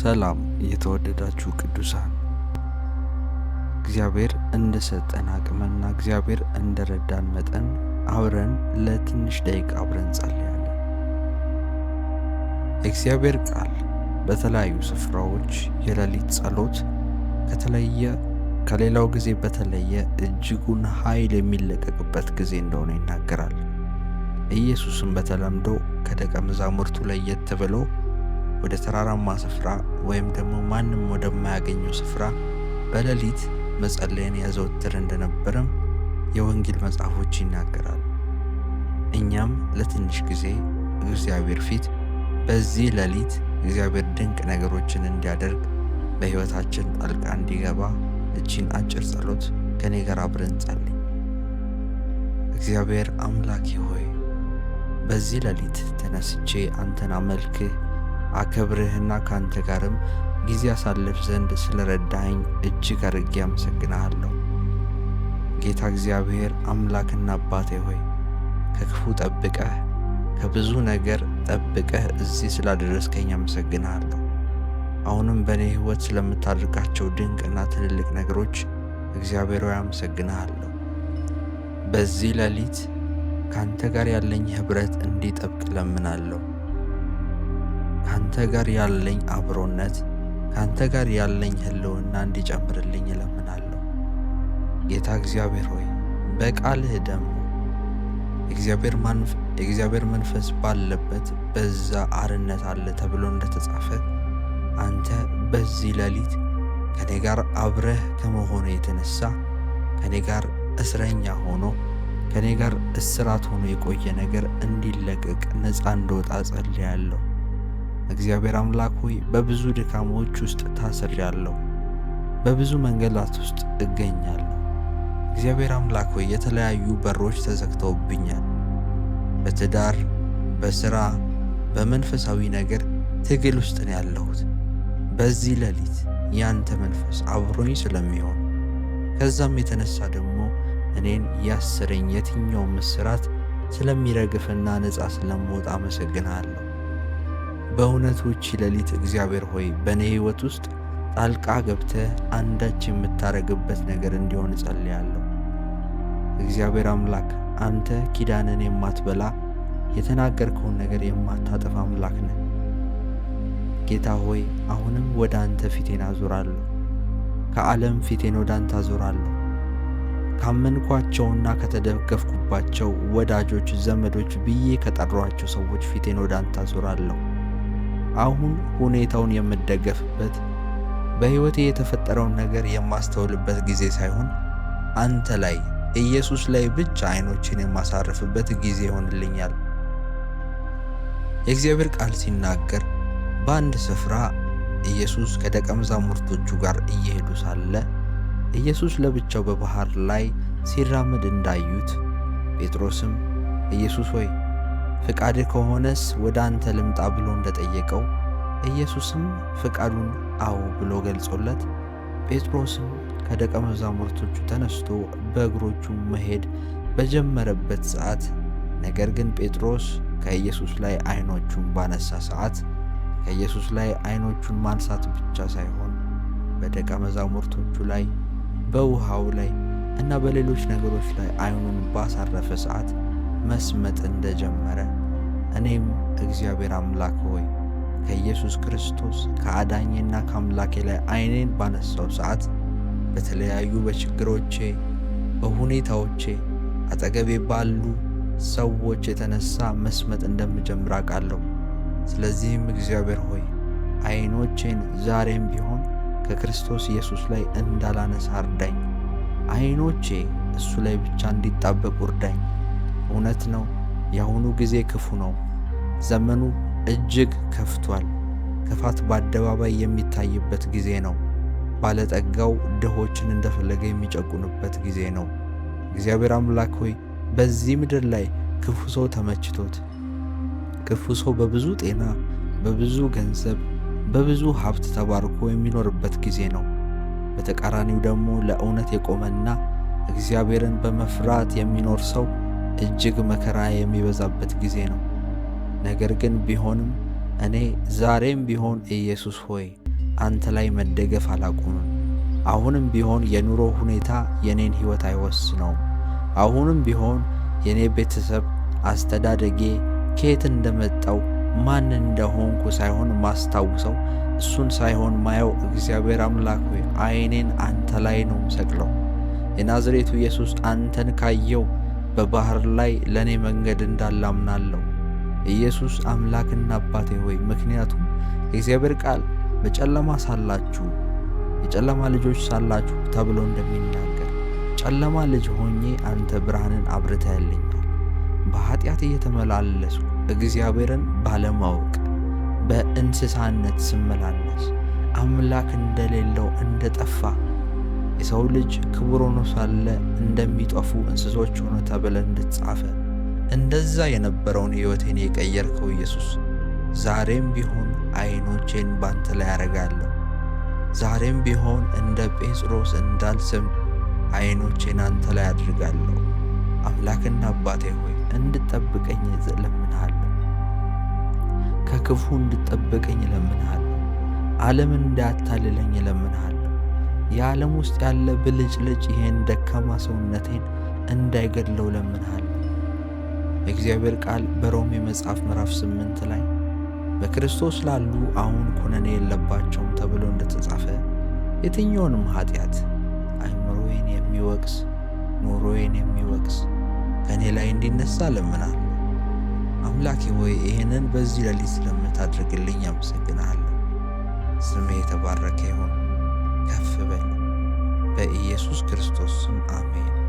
ሰላም የተወደዳችሁ ቅዱሳን፣ እግዚአብሔር እንደ ሰጠን አቅምና እግዚአብሔር እንደ ረዳን መጠን አብረን ለትንሽ ደቂቃ አብረን ጸልያለን። የእግዚአብሔር ቃል በተለያዩ ስፍራዎች የሌሊት ጸሎት ከተለየ ከሌላው ጊዜ በተለየ እጅጉን ኃይል የሚለቀቅበት ጊዜ እንደሆነ ይናገራል። ኢየሱስም በተለምዶ ከደቀ መዛሙርቱ ለየት ብሎ ወደ ተራራማ ስፍራ ወይም ደግሞ ማንም ወደማያገኘው ስፍራ በሌሊት መጸለይን ያዘወትር እንደነበረም የወንጌል መጽሐፎች ይናገራል እኛም ለትንሽ ጊዜ እግዚአብሔር ፊት በዚህ ሌሊት እግዚአብሔር ድንቅ ነገሮችን እንዲያደርግ በሕይወታችን ጣልቃ እንዲገባ እቺን አጭር ጸሎት ከኔ ጋር አብረን ጸልይ። እግዚአብሔር አምላኬ ሆይ በዚህ ሌሊት ተነስቼ አንተን አመልክህ አከብርህና ካንተ ጋርም ጊዜ አሳልፍ ዘንድ ስለረዳኸኝ እጅግ አድርጌ አመሰግንሃለሁ። ጌታ እግዚአብሔር አምላክና አባቴ ሆይ ከክፉ ጠብቀህ ከብዙ ነገር ጠብቀህ እዚህ ስላደረስከኝ አመሰግንሃለሁ። አሁንም በእኔ ሕይወት ስለምታደርጋቸው ድንቅና ትልልቅ ነገሮች እግዚአብሔር ሆይ አመሰግንሃለሁ። በዚህ ሌሊት ካንተ ጋር ያለኝ ኅብረት እንዲጠብቅ ለምናለሁ። ካንተ ጋር ያለኝ አብሮነት ካንተ ጋር ያለኝ ህልውና እንዲጨምርልኝ እለምናለሁ። ጌታ እግዚአብሔር ሆይ በቃልህ ደግሞ የእግዚአብሔር መንፈስ ባለበት በዛ አርነት አለ ተብሎ እንደተጻፈ አንተ በዚህ ሌሊት ከኔ ጋር አብረህ ከመሆኑ የተነሳ ከኔ ጋር እስረኛ ሆኖ ከኔ ጋር እስራት ሆኖ የቆየ ነገር እንዲለቀቅ ነፃ እንደወጣ ጸልያለሁ። እግዚአብሔር አምላክ ሆይ በብዙ ድካሞች ውስጥ ታስሬያለሁ፣ በብዙ መንገላት ውስጥ እገኛለሁ። እግዚአብሔር አምላክ ሆይ የተለያዩ በሮች ተዘግተውብኛል። በትዳር፣ በስራ፣ በመንፈሳዊ ነገር ትግል ውስጥ ነው ያለሁት። በዚህ ሌሊት ያንተ መንፈስ አብሮኝ ስለሚሆን ከዛም የተነሳ ደግሞ እኔን ያሰረኝ የትኛው ምስራት ስለሚረግፍና ነፃ ስለምወጣ አመሰግናለሁ። በእውነት ውቺ ሌሊት እግዚአብሔር ሆይ በእኔ ሕይወት ውስጥ ጣልቃ ገብተህ አንዳች የምታረግበት ነገር እንዲሆን እጸልያለሁ። እግዚአብሔር አምላክ አንተ ኪዳንን የማትበላ የተናገርከውን ነገር የማታጠፍ አምላክ ነህ። ጌታ ሆይ አሁንም ወደ አንተ ፊቴን አዞራለሁ። ከዓለም ፊቴን ወደ አንተ አዞራለሁ። ካመንኳቸውና ከተደገፍኩባቸው ወዳጆች፣ ዘመዶች ብዬ ከጠሯቸው ሰዎች ፊቴን ወደ አንተ አዞራለሁ። አሁን ሁኔታውን የምደገፍበት በሕይወቴ የተፈጠረውን ነገር የማስተውልበት ጊዜ ሳይሆን አንተ ላይ ኢየሱስ ላይ ብቻ አይኖችን የማሳርፍበት ጊዜ ይሆንልኛል። የእግዚአብሔር ቃል ሲናገር በአንድ ስፍራ ኢየሱስ ከደቀ መዛሙርቶቹ ጋር እየሄዱ ሳለ ኢየሱስ ለብቻው በባሕር ላይ ሲራመድ እንዳዩት ጴጥሮስም ኢየሱስ ሆይ ፍቃድህ ከሆነስ ወደ አንተ ልምጣ ብሎ እንደጠየቀው ኢየሱስም ፍቃዱን አዎ ብሎ ገልጾለት ጴጥሮስም ከደቀ መዛሙርቶቹ ተነስቶ በእግሮቹ መሄድ በጀመረበት ሰዓት ነገር ግን ጴጥሮስ ከኢየሱስ ላይ አይኖቹን ባነሳ ሰዓት ከኢየሱስ ላይ አይኖቹን ማንሳት ብቻ ሳይሆን በደቀ መዛሙርቶቹ ላይ፣ በውሃው ላይ እና በሌሎች ነገሮች ላይ አይኑን ባሳረፈ ሰዓት መስመጥ እንደጀመረ እኔም እግዚአብሔር አምላክ ሆይ ከኢየሱስ ክርስቶስ ከአዳኜና ከአምላኬ ላይ ዓይኔን ባነሳው ሰዓት በተለያዩ በችግሮቼ፣ በሁኔታዎቼ አጠገቤ ባሉ ሰዎች የተነሳ መስመጥ እንደምጀምር አውቃለሁ። ስለዚህም እግዚአብሔር ሆይ ዓይኖቼን ዛሬም ቢሆን ከክርስቶስ ኢየሱስ ላይ እንዳላነሳ እርዳኝ። ዓይኖቼ እሱ ላይ ብቻ እንዲጣበቁ እርዳኝ። እውነት ነው፣ የአሁኑ ጊዜ ክፉ ነው። ዘመኑ እጅግ ከፍቷል። ክፋት በአደባባይ የሚታይበት ጊዜ ነው። ባለጠጋው ድሆችን እንደፈለገ የሚጨቁንበት ጊዜ ነው። እግዚአብሔር አምላክ ሆይ በዚህ ምድር ላይ ክፉ ሰው ተመችቶት ክፉ ሰው በብዙ ጤና፣ በብዙ ገንዘብ፣ በብዙ ሀብት ተባርኮ የሚኖርበት ጊዜ ነው። በተቃራኒው ደግሞ ለእውነት የቆመና እግዚአብሔርን በመፍራት የሚኖር ሰው እጅግ መከራ የሚበዛበት ጊዜ ነው። ነገር ግን ቢሆንም እኔ ዛሬም ቢሆን ኢየሱስ ሆይ አንተ ላይ መደገፍ አላቁምም። አሁንም ቢሆን የኑሮ ሁኔታ የኔን ሕይወት አይወስነውም። አሁንም ቢሆን የኔ ቤተሰብ፣ አስተዳደጌ፣ ከየት እንደመጣው ማን እንደሆንኩ ሳይሆን ማስታውሰው እሱን ሳይሆን ማየው እግዚአብሔር አምላክ ሆይ አይኔን አንተ ላይ ነው ምሰቅለው። የናዝሬቱ ኢየሱስ አንተን ካየው በባህር ላይ ለእኔ መንገድ እንዳለ አምናለሁ። ኢየሱስ አምላክና አባቴ ሆይ፣ ምክንያቱም የእግዚአብሔር ቃል በጨለማ ሳላችሁ የጨለማ ልጆች ሳላችሁ ተብሎ እንደሚናገር ጨለማ ልጅ ሆኜ አንተ ብርሃንን አብርተህልኛል። በኃጢአት እየተመላለሱ እግዚአብሔርን ባለማወቅ በእንስሳነት ስመላለስ አምላክ እንደሌለው እንደጠፋ የሰው ልጅ ክቡር ሆኖ ሳለ እንደሚጠፉ እንስሶች ሆነ ተብለ እንደተጻፈ እንደዛ የነበረውን ሕይወቴን የቀየርከው ኢየሱስ ዛሬም ቢሆን አይኖቼን ባንተ ላይ ያደርጋለሁ። ዛሬም ቢሆን እንደ ጴጥሮስ እንዳልስም አይኖቼን አንተ ላይ አድርጋለሁ። አምላክና አባቴ ሆይ እንድጠብቀኝ እለምንሃለሁ። ከክፉ እንድጠብቀኝ እለምንሃለሁ። ዓለም እንዳያታልለኝ እለምንሃለሁ። የዓለም ውስጥ ያለ ብልጭልጭ ይሄን ደካማ ሰውነቴን እንዳይገድለው ለምንሃል። የእግዚአብሔር ቃል በሮሜ መጽሐፍ ምዕራፍ ስምንት ላይ በክርስቶስ ላሉ አሁን ኩነኔ የለባቸውም ተብሎ እንደተጻፈ የትኛውንም ኃጢአት አይምሮዬን የሚወቅስ ኑሮዬን የሚወቅስ ከእኔ ላይ እንዲነሳ ለምናል። አምላኬ ሆይ ይህንን በዚህ ሌሊት ስለምታደርግልኝ አመሰግናለሁ። ስሜ የተባረከ ይሆን። በኢየሱስ ክርስቶስ ስም አሜን።